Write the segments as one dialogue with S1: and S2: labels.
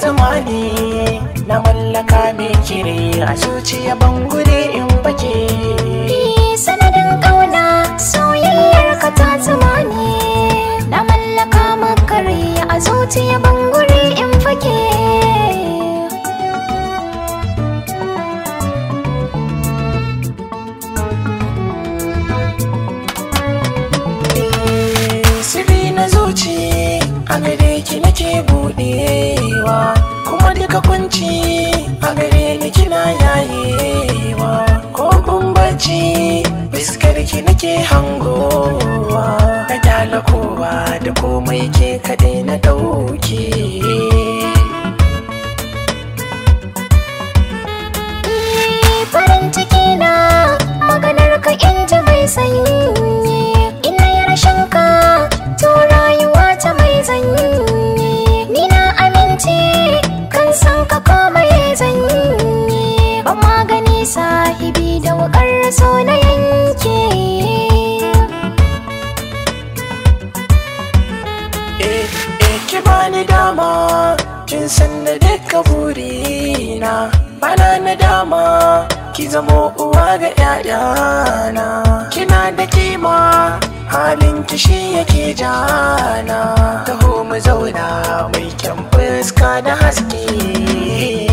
S1: zamani na mallaka mai a zuciya in fake eh, sanadin
S2: ƙauna soyayyar ka ta ne, na mallaka makare a zuciya
S1: gare nake buɗewa kuma duka kunci a gare ni kina yayewa ko kun bacci fiskar ki nake hangowa na dalakowa da komai ke kaɗai na ɗauke
S2: so na yanke
S1: eh eh ki bani dama kin san da duka burina bana na dama ki zamo uwa ga 'ya'yana kina da kima halin kishi yake jana taho mu zauna mai kyan fuska da haske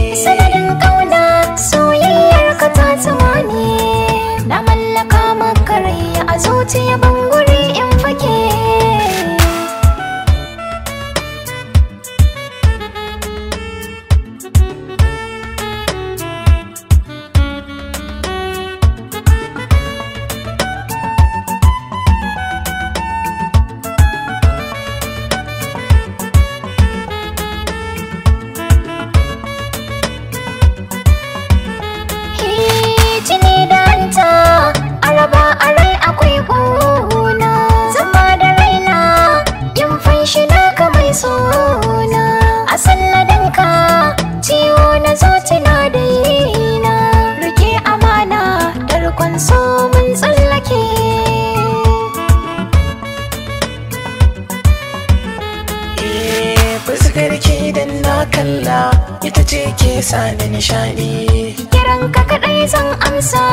S2: salladanka ciwo na zuci na daina rike amana darkon so mun tsallake
S1: eh, fuskarki idan na kalla ita ce ke sani nishani kiranka kaɗai zan amsa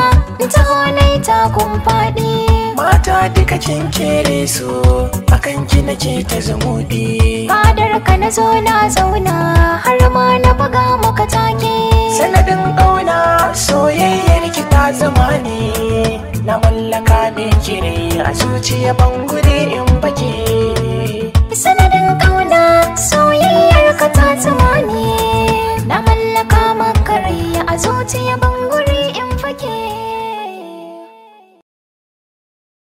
S1: ta honai ta kumfaɗi mata duka kin kere su akan ki nake ta zumuɗi
S2: na zo na zauna har ma na buga maka take sanadin
S1: ƙauna soyayyar ki ta zama ne na mallaka min kire a zuciya bangure in baki sanadin
S2: ƙauna soyayyar ka ta zama ne na mallaka maka rai a zuciya bangure.